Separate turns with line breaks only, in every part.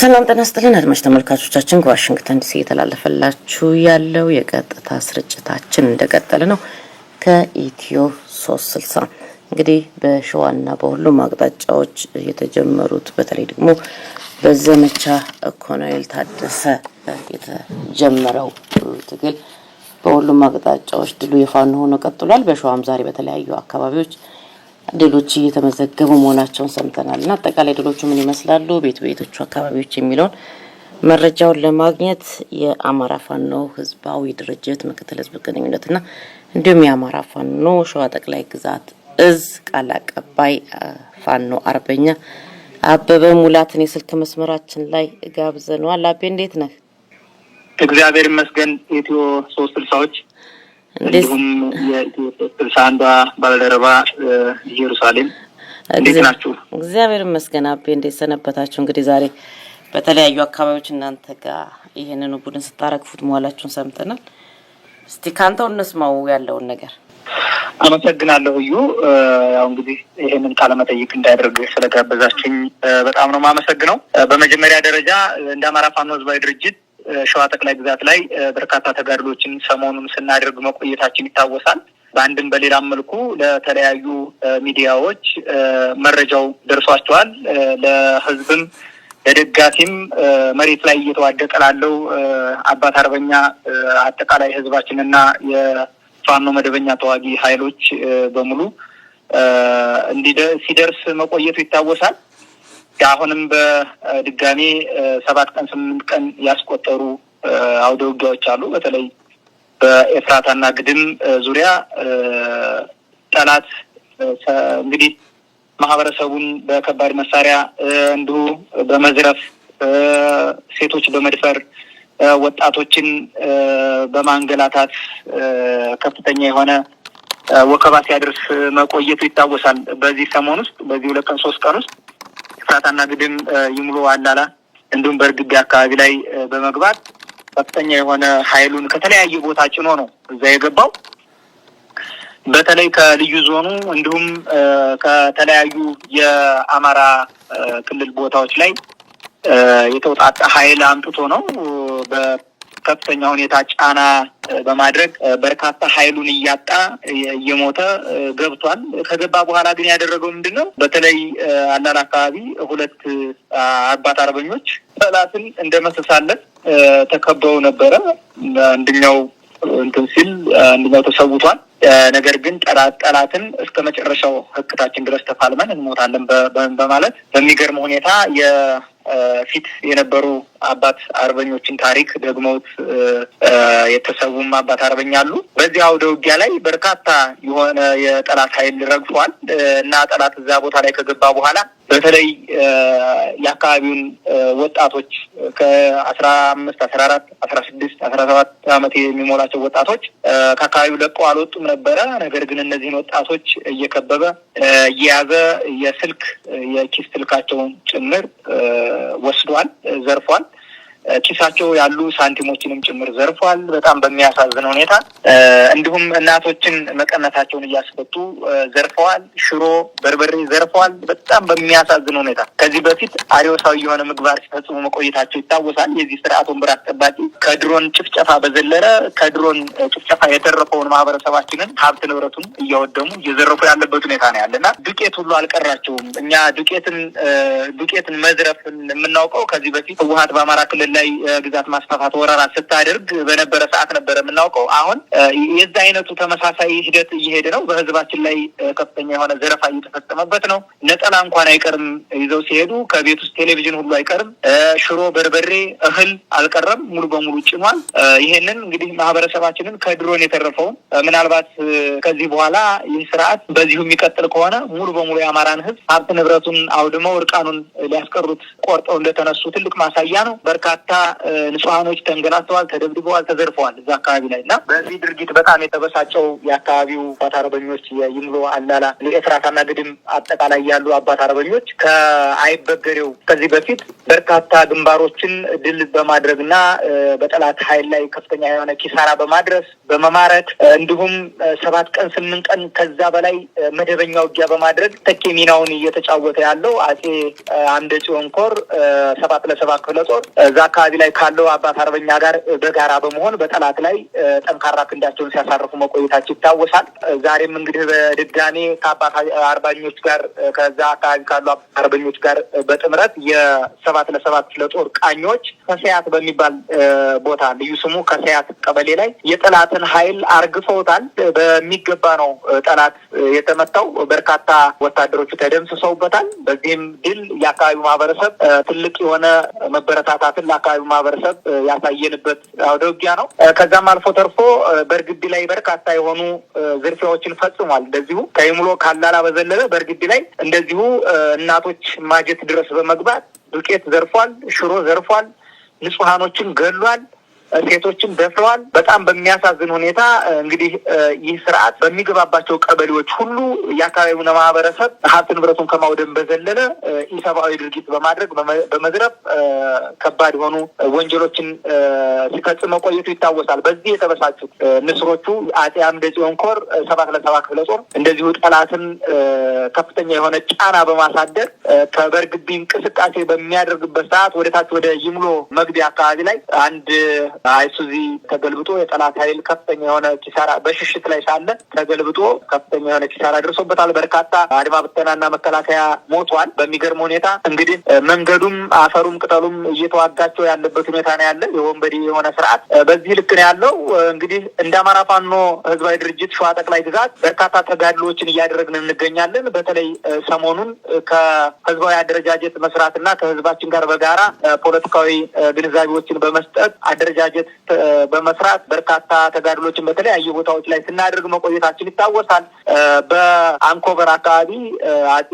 ሰላም ጤና ይስጥልን አድማጭ ተመልካቾቻችን፣ ከዋሽንግተን ዲሲ እየተላለፈላችሁ ያለው የቀጥታ ስርጭታችን እንደቀጠለ ነው። ከኢትዮ 360 እንግዲህ በሸዋና በሁሉም አቅጣጫዎች የተጀመሩት በተለይ ደግሞ በዘመቻ ኮሎኔል ታደሰ የተጀመረው ትግል በሁሉም አቅጣጫዎች ድሉ የፋኖ ሆኖ ቀጥሏል። በሸዋም ዛሬ በተለያዩ አካባቢዎች ድሎች እየተመዘገቡ መሆናቸውን ሰምተናል እና አጠቃላይ ድሎቹ ምን ይመስላሉ፣ ቤት ቤቶቹ አካባቢዎች የሚለውን መረጃውን ለማግኘት የአማራ ፋኖ ህዝባዊ ድርጅት ምክትል ህዝብ ግንኙነትና እንዲሁም የአማራ ፋኖ ሸዋ ጠቅላይ ግዛት እዝ ቃል አቀባይ ፋኖ አርበኛ አበበ ሙላትን የስልክ መስመራችን ላይ ጋብዘነዋል። አቤ እንዴት ነህ?
እግዚአብሔር ይመስገን። ኢትዮ ሶስት ልሳዎች እንዲሁም የቅዱስ አንዷ ባልደረባ ኢየሩሳሌም እንዴት ናችሁ? እግዚአብሔር ይመስገን። አቤ እንዴት ሰነበታችሁ? እንግዲህ ዛሬ
በተለያዩ አካባቢዎች እናንተ ጋር ይህንኑ ቡድን ስታረግፉት መዋላችሁን ሰምተናል። እስቲ ካንተው እንስማው ያለውን ነገር።
አመሰግናለሁ እዩ። ያው እንግዲህ ይህንን ካለመጠይቅ እንዳያደርግ ስለጋበዛችኝ በጣም ነው የማመሰግነው። በመጀመሪያ ደረጃ እንደ አማራ ፋኖ ህዝባዊ ድርጅት ሸዋ ጠቅላይ ግዛት ላይ በርካታ ተጋድሎችን ሰሞኑን ስናደርግ መቆየታችን ይታወሳል። በአንድም በሌላም መልኩ ለተለያዩ ሚዲያዎች መረጃው ደርሷቸዋል። ለህዝብም ለደጋፊም መሬት ላይ እየተዋደቀ ላለው አባት አርበኛ አጠቃላይ ህዝባችንና የፋኖ መደበኛ ተዋጊ ኃይሎች በሙሉ እንዲ ሲደርስ መቆየቱ ይታወሳል። አሁንም በድጋሚ ሰባት ቀን ስምንት ቀን ያስቆጠሩ አውደ ውጊያዎች አሉ። በተለይ በኤፍራታና ግድም ዙሪያ ጠላት እንግዲህ ማህበረሰቡን በከባድ መሳሪያ እንዲሁ በመዝረፍ ሴቶች በመድፈር ወጣቶችን በማንገላታት ከፍተኛ የሆነ ወከባ ሲያደርስ መቆየቱ ይታወሳል። በዚህ ሰሞን ውስጥ በዚህ ሁለት ቀን ሶስት ቀን ውስጥ ፍራታና ግድም ይሙሉ አላላ እንዲሁም በእርግቢ አካባቢ ላይ በመግባት ከፍተኛ የሆነ ኃይሉን ከተለያየ ቦታ ጭኖ ነው እዛ የገባው። በተለይ ከልዩ ዞኑ እንዲሁም ከተለያዩ የአማራ ክልል ቦታዎች ላይ የተውጣጣ ኃይል አምጥቶ ነው ከፍተኛ ሁኔታ ጫና በማድረግ በርካታ ኃይሉን እያጣ እየሞተ ገብቷል። ከገባ በኋላ ግን ያደረገው ምንድን ነው? በተለይ አላል አካባቢ ሁለት አባት አርበኞች ጠላትን እንደ መሰሳለን ተከበው ነበረ። አንደኛው እንትን ሲል አንደኛው ተሰውቷል። ነገር ግን ጠላት ጠላትን እስከ መጨረሻው ህክታችን ድረስ ተፋልመን እንሞታለን በማለት በሚገርም ሁኔታ ፊት የነበሩ አባት አርበኞችን ታሪክ ደግመውት የተሰዉም አባት አርበኛ አሉ። በዚህ አውደ ውጊያ ላይ በርካታ የሆነ የጠላት ኃይል ረግፏል እና ጠላት እዛ ቦታ ላይ ከገባ በኋላ በተለይ የአካባቢውን ወጣቶች ከአስራ አምስት አስራ አራት አስራ ስድስት አስራ ሰባት አመት የሚሞላቸው ወጣቶች ከአካባቢው ለቀው አልወጡም ነበረ። ነገር ግን እነዚህን ወጣቶች እየከበበ እየያዘ የስልክ የኪስ ስልካቸውን ጭምር ወስዷል፣ ዘርፏል። ኪሳቸው ያሉ ሳንቲሞችንም ጭምር ዘርፏል። በጣም በሚያሳዝን ሁኔታ እንዲሁም እናቶችን መቀነታቸውን እያስፈቱ ዘርፈዋል። ሽሮ በርበሬ ዘርፈዋል። በጣም በሚያሳዝን ሁኔታ ከዚህ በፊት አሪዮሳዊ የሆነ ምግባር ሲፈጽሙ መቆየታቸው ይታወሳል። የዚህ ስርዓት ወንበር አስጠባቂ ከድሮን ጭፍጨፋ በዘለለ ከድሮን ጭፍጨፋ የተረፈውን ማህበረሰባችንን ሀብት ንብረቱን እያወደሙ እየዘረፉ ያለበት ሁኔታ ነው ያለና ዱቄት ሁሉ አልቀራቸውም። እኛ ዱቄትን ዱቄትን መዝረፍን የምናውቀው ከዚህ በፊት ህወሀት በአማራ ክልል ላይ ግዛት ማስፋፋት ወረራ ስታደርግ በነበረ ሰዓት ነበረ የምናውቀው። አሁን የዛ አይነቱ ተመሳሳይ ሂደት እየሄደ ነው። በህዝባችን ላይ ከፍተኛ የሆነ ዘረፋ እየተፈጸመበት ነው። ነጠላ እንኳን አይቀርም ይዘው ሲሄዱ፣ ከቤት ውስጥ ቴሌቪዥን ሁሉ አይቀርም፣ ሽሮ፣ በርበሬ፣ እህል አልቀረም፣ ሙሉ በሙሉ ጭኗል። ይሄንን እንግዲህ ማህበረሰባችንን ከድሮን የተረፈውን ምናልባት ከዚህ በኋላ ይህ ስርዓት በዚሁ የሚቀጥል ከሆነ ሙሉ በሙሉ የአማራን ህዝብ ሀብት ንብረቱን አውድመው እርቃኑን ሊያስቀሩት ቆርጠው እንደተነሱ ትልቅ ማሳያ ነው። በርካታ በርካታ ንጹሐኖች ተንገላተዋል፣ ተደብድበዋል፣ ተዘርፈዋል እዛ አካባቢ ላይ እና በዚህ ድርጊት በጣም የተበሳጨው የአካባቢው አባት አርበኞች የይምሎ አላላ ኤፍራታና ግድም አጠቃላይ ያሉ አባት አርበኞች ከአይበገሬው ከዚህ በፊት በርካታ ግንባሮችን ድል በማድረግና በጠላት ኃይል ላይ ከፍተኛ የሆነ ኪሳራ በማድረስ በመማረክ እንዲሁም ሰባት ቀን ስምንት ቀን ከዛ በላይ መደበኛ ውጊያ በማድረግ ተኪ ሚናውን እየተጫወተ ያለው አጼ አምደ ጽዮን ኮር ሰባት ለሰባት ክፍለ ጦር እዛ አካባቢ ላይ ካለው አባት አርበኛ ጋር በጋራ በመሆን በጠላት ላይ ጠንካራ ክንዳቸውን ሲያሳርፉ መቆየታቸው ይታወሳል። ዛሬም እንግዲህ በድጋሜ ከአባት አርበኞች ጋር ከዛ አካባቢ ካሉ አርበኞች ጋር በጥምረት የሰባት ለሰባት ለጦር ቃኞች ከሰያት በሚባል ቦታ ልዩ ስሙ ከሰያት ቀበሌ ላይ የጠላትን ኃይል አርግፈውታል። በሚገባ ነው ጠላት የተመታው። በርካታ ወታደሮቹ ተደምስሰውበታል። በዚህም ድል የአካባቢው ማህበረሰብ ትልቅ የሆነ መበረታታትን ለአካባቢው ማህበረሰብ ያሳየንበት አውደ ውጊያ ነው። ከዛም አልፎ ተርፎ በእርግድ ላይ በርካታ የሆኑ ዝርፊያዎችን ፈጽሟል። እንደዚሁ ከይምሎ ካላላ በዘለለ በእርግድ ላይ እንደዚሁ እናቶች ማጀት ድረስ በመግባት ዱቄት ዘርፏል፣ ሽሮ ዘርፏል፣ ንጹሀኖችን ገሏል። ሴቶችን ደፍረዋል። በጣም በሚያሳዝን ሁኔታ እንግዲህ ይህ ስርዓት በሚገባባቸው ቀበሌዎች ሁሉ የአካባቢውን ማህበረሰብ ሀብት ንብረቱን ከማውደም በዘለለ ኢሰብአዊ ድርጊት በማድረግ በመዝረፍ ከባድ የሆኑ ወንጀሎችን ሲፈጽም መቆየቱ ይታወሳል። በዚህ የተበሳጩት ንስሮቹ አጼ አምደ ጽዮን ኮር ሰባት ለሰባ ክፍለ ጦር እንደዚሁ ጠላትን ከፍተኛ የሆነ ጫና በማሳደር ከበርግቢ እንቅስቃሴ በሚያደርግበት ሰዓት ወደታች ወደ ይምሎ መግቢያ አካባቢ ላይ አንድ አይሱዚ ተገልብጦ የጠላት ኃይል ከፍተኛ የሆነ ኪሳራ በሽሽት ላይ ሳለ ተገልብጦ ከፍተኛ የሆነ ኪሳራ ደርሶበታል። በርካታ አድማ ብተናና መከላከያ ሞቷል። በሚገርም ሁኔታ እንግዲህ መንገዱም አፈሩም ቅጠሉም እየተዋጋቸው ያለበት ሁኔታ ነው ያለ የወንበዴ የሆነ ስርዓት በዚህ ልክ ነው ያለው። እንግዲህ እንደ አማራ ፋኖ ህዝባዊ ድርጅት ሸዋ ጠቅላይ ግዛት በርካታ ተጋድሎዎችን እያደረግን እንገኛለን። በተለይ ሰሞኑን ከህዝባዊ አደረጃጀት መስራትና ከህዝባችን ጋር በጋራ ፖለቲካዊ ግንዛቤዎችን በመስጠት አደረጃ በመደራጀት በመስራት በርካታ ተጋድሎችን በተለያዩ ቦታዎች ላይ ስናደርግ መቆየታችን ይታወሳል። በአንኮበር አካባቢ አጼ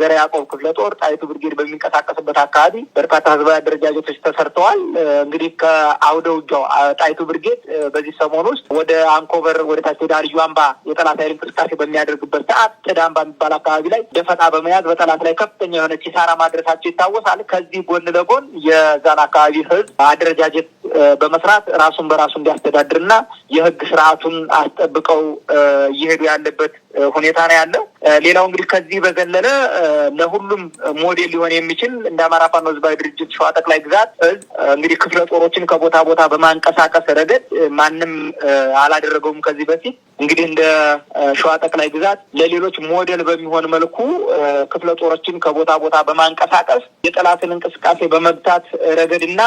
ዘረ ያዕቆብ ክፍለ ጦር ጣይቱ ብርጌድ በሚንቀሳቀስበት አካባቢ በርካታ ህዝባዊ አደረጃጀቶች ተሰርተዋል። እንግዲህ ከአውደ ውጊያው ጣይቱ ብርጌድ በዚህ ሰሞን ውስጥ ወደ አንኮበር ወደ ታች ወደ አልዩ አምባ የጠላት ኃይል እንቅስቃሴ በሚያደርግበት ሰዓት ጭዳምባ የሚባል አካባቢ ላይ ደፈጣ በመያዝ በጠላት ላይ ከፍተኛ የሆነ ኪሳራ ማድረሳቸው ይታወሳል። ከዚህ ጎን ለጎን የዛን አካባቢ ህዝብ አደረጃጀት በመስራት ራሱን በራሱ እንዲያስተዳድርና የህግ ስርዓቱን አስጠብቀው እየሄዱ ያለበት ሁኔታ ነው ያለው። ሌላው እንግዲህ ከዚህ በዘለለ ለሁሉም ሞዴል ሊሆን የሚችል እንደ አማራ ፋኖ ህዝባዊ ድርጅት ሸዋ ጠቅላይ ግዛት እንግዲህ ክፍለ ጦሮችን ከቦታ ቦታ በማንቀሳቀስ ረገድ ማንም አላደረገውም ከዚህ በፊት እንግዲህ እንደ ሸዋ ጠቅላይ ግዛት ለሌሎች ሞዴል በሚሆን መልኩ ክፍለ ጦሮችን ከቦታ ቦታ በማንቀሳቀስ የጠላትን እንቅስቃሴ በመግታት ረገድ እና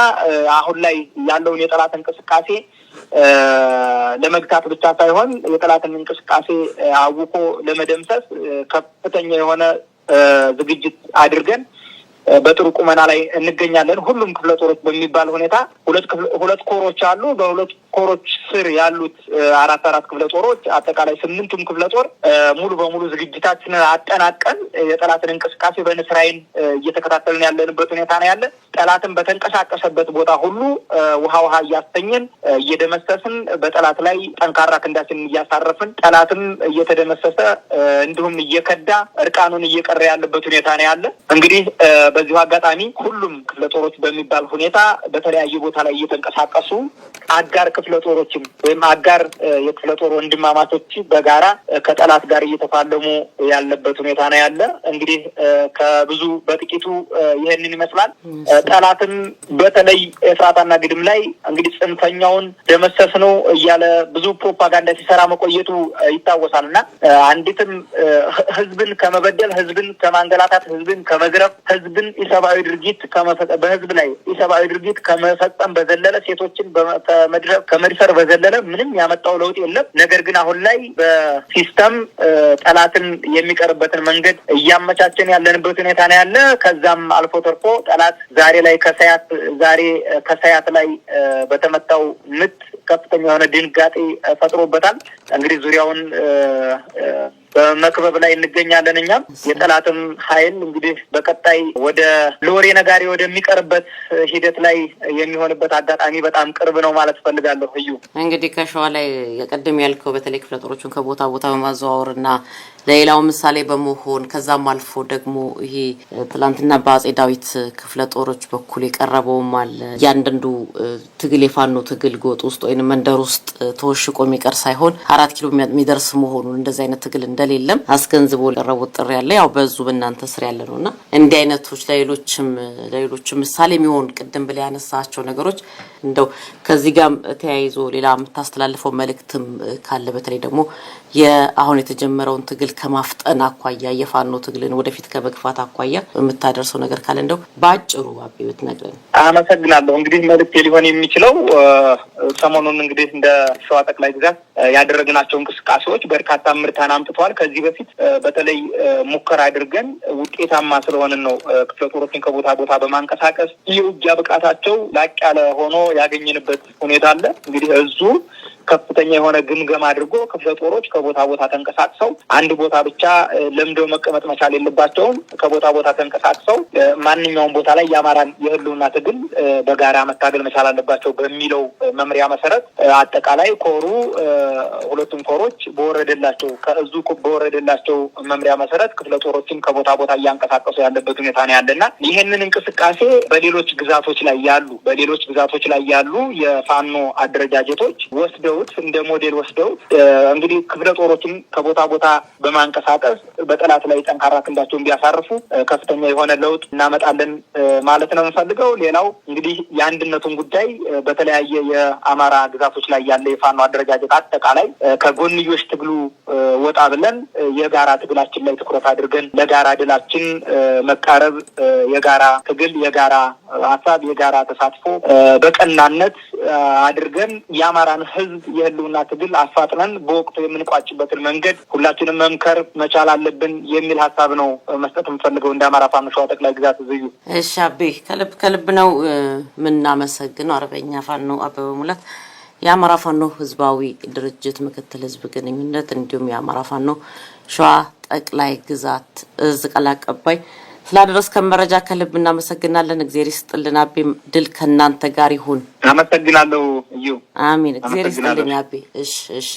አሁን ላይ ያለውን የጠላት እንቅስቃሴ ለመግታት ብቻ ሳይሆን የጠላትን እንቅስቃሴ አውቆ ለመደምሰስ ከፍተኛ የሆነ ዝግጅት አድርገን በጥሩ ቁመና ላይ እንገኛለን። ሁሉም ክፍለ ጦሮች በሚባል ሁኔታ ሁለት ኮሮች አሉ። በሁለት ኮሮች ስር ያሉት አራት አራት ክፍለ ጦሮች አጠቃላይ ስምንቱም ክፍለ ጦር ሙሉ በሙሉ ዝግጅታችንን አጠናቀን የጠላትን እንቅስቃሴ በንስራይን እየተከታተልን ያለንበት ሁኔታ ነው ያለ። ጠላትን በተንቀሳቀሰበት ቦታ ሁሉ ውሃ ውሃ እያስተኝን እየደመሰስን በጠላት ላይ ጠንካራ ክንዳችንን እያሳረፍን ጠላትም እየተደመሰሰ እንዲሁም እየከዳ እርቃኑን እየቀረ ያለበት ሁኔታ ነው ያለ እንግዲህ በዚሁ አጋጣሚ ሁሉም ክፍለ ጦሮች በሚባል ሁኔታ በተለያየ ቦታ ላይ እየተንቀሳቀሱ አጋር ክፍለ ጦሮችም ወይም አጋር የክፍለ ጦር ወንድማማቶች በጋራ ከጠላት ጋር እየተፋለሙ ያለበት ሁኔታ ነው ያለ። እንግዲህ ከብዙ በጥቂቱ ይህንን ይመስላል። ጠላትም በተለይ ኤፍራታና ግድም ላይ እንግዲህ ጽንፈኛውን ደመሰስ ነው እያለ ብዙ ፕሮፓጋንዳ ሲሰራ መቆየቱ ይታወሳል እና አንዲትም ህዝብን ከመበደል ህዝብን ከማንገላታት ህዝብን ከመዝረፍ ህዝብን ሴቶችን ኢሰብአዊ ድርጊት በህዝብ ላይ ኢሰብአዊ ድርጊት ከመፈጸም በዘለለ ሴቶችን ከመድፈር በዘለለ ምንም ያመጣው ለውጥ የለም። ነገር ግን አሁን ላይ በሲስተም ጠላትን የሚቀርበትን መንገድ እያመቻቸን ያለንበት ሁኔታ ነው ያለ። ከዛም አልፎ ተርፎ ጠላት ዛሬ ላይ ከሰያት ዛሬ ከሰያት ላይ በተመታው ምት ከፍተኛ የሆነ ድንጋጤ ፈጥሮበታል። እንግዲህ ዙሪያውን በመክበብ ላይ እንገኛለን። እኛም የጠላትም ኃይል እንግዲህ በቀጣይ ወደ ለወሬ ነጋሪ ወደሚቀርበት ሂደት ላይ የሚሆንበት አጋጣሚ በጣም ቅርብ ነው ማለት እፈልጋለሁ። እዩ
እንግዲህ ከሸዋ ላይ የቀድም ያልከው በተለይ ክፍለ ጦሮቹን ከቦታ ቦታ በማዘዋወር እና ለሌላው ምሳሌ በመሆን ከዛም አልፎ ደግሞ ይሄ ትላንትና በአጼ ዳዊት ክፍለ ጦሮች በኩል የቀረበውም አለ እያንዳንዱ ትግል የፋኖ ትግል ጎጥ ውስጥ ወይም መንደር ውስጥ ተወሽቆ የሚቀር ሳይሆን አራት ኪሎ የሚደርስ መሆኑን እንደዚህ አይነት ትግል እንደ እንደሌለም አስገንዝቦ ቀረቡት ጥሪ ያለ ያው በዙ በእናንተ ስር ያለ ነው እና እንዲህ አይነቶች ለሌሎችም ለሌሎችም ምሳሌ የሚሆን ቅድም ብላ ያነሳቸው ነገሮች እንደው ከዚህ ጋር ተያይዞ ሌላ የምታስተላልፈው መልእክትም ካለ በተለይ ደግሞ የአሁን የተጀመረውን ትግል ከማፍጠን አኳያ የፋኖ ትግልን ወደፊት ከመግፋት አኳያ የምታደርሰው ነገር ካለ እንደው በአጭሩ አቤ ብትነግረን።
አመሰግናለሁ። እንግዲህ መልእክቴ ሊሆን የሚችለው ሰሞኑን እንግዲህ እንደ ሸዋ ጠቅላይ ግዛት ያደረግናቸው እንቅስቃሴዎች በርካታ ምርታን አምጥተዋል። ከዚህ በፊት በተለይ ሙከራ አድርገን ውጤታማ ስለሆንን ነው ክፍለ ጦሮችን ከቦታ ቦታ በማንቀሳቀስ ይህ ብቃታቸው ላቅ ያለ ሆኖ ያገኘንበት ሁኔታ አለ። እንግዲህ እዙ ከፍተኛ የሆነ ግምገማ አድርጎ ክፍለ ጦሮች ከቦታ ቦታ ተንቀሳቅሰው አንድ ቦታ ብቻ ለምደው መቀመጥ መቻል የለባቸውም። ከቦታ ቦታ ተንቀሳቅሰው ማንኛውም ቦታ ላይ የአማራን የህልውና ትግል በጋራ መታገል መቻል አለባቸው በሚለው መምሪያ መሰረት አጠቃላይ ኮሩ ሁለቱም ኮሮች በወረደላቸው ከእዙ በወረደላቸው መምሪያ መሰረት ክፍለ ጦሮችን ከቦታ ቦታ እያንቀሳቀሱ ያለበት ሁኔታ ነው ያለና ይህንን እንቅስቃሴ በሌሎች ግዛቶች ላይ ያሉ በሌሎች ግዛቶች ላይ ያሉ የፋኖ አደረጃጀቶች ወስደው ወስደውት እንደ ሞዴል ወስደውት እንግዲህ ክፍለ ጦሮችም ከቦታ ቦታ በማንቀሳቀስ በጠላት ላይ ጠንካራ ክንዳቸው እንዲያሳርፉ ከፍተኛ የሆነ ለውጥ እናመጣለን ማለት ነው የምንፈልገው። ሌላው እንግዲህ የአንድነቱን ጉዳይ በተለያየ የአማራ ግዛቶች ላይ ያለ የፋኖ አደረጃጀት አጠቃላይ ከጎንዮሽ ትግሉ ወጣ ብለን የጋራ ትግላችን ላይ ትኩረት አድርገን ለጋራ ድላችን መቃረብ የጋራ ትግል፣ የጋራ ሀሳብ፣ የጋራ ተሳትፎ በቀናነት አድርገን የአማራን ህዝብ የህልውና ትግል አፋጥነን በወቅቱ የምንቋጭበትን መንገድ ሁላችንም መምከር መቻል አለብን የሚል ሀሳብ ነው መስጠት የምፈልገው እንደ አማራ ፋኖ ሸዋ ጠቅላይ ግዛት ዝዩ።
እሺ አቤ ከልብ ከልብ ነው የምናመሰግነው። አርበኛ ፋኖ አበበ ሙላት የአማራ ፋኖ ህዝባዊ ድርጅት ምክትል ህዝብ ግንኙነት እንዲሁም የአማራ ፋኖ ሸዋ ጠቅላይ ግዛት እዝ ቃል አቀባይ ስላደረስከን መረጃ ከልብ እናመሰግናለን። እግዜር ይስጥልን። አቤ ድል ከእናንተ ጋር ይሁን።
አመሰግናለሁ እዩ።
አሚን። እግዜር ይስጥልን አቤ። እሺ፣ እሺ።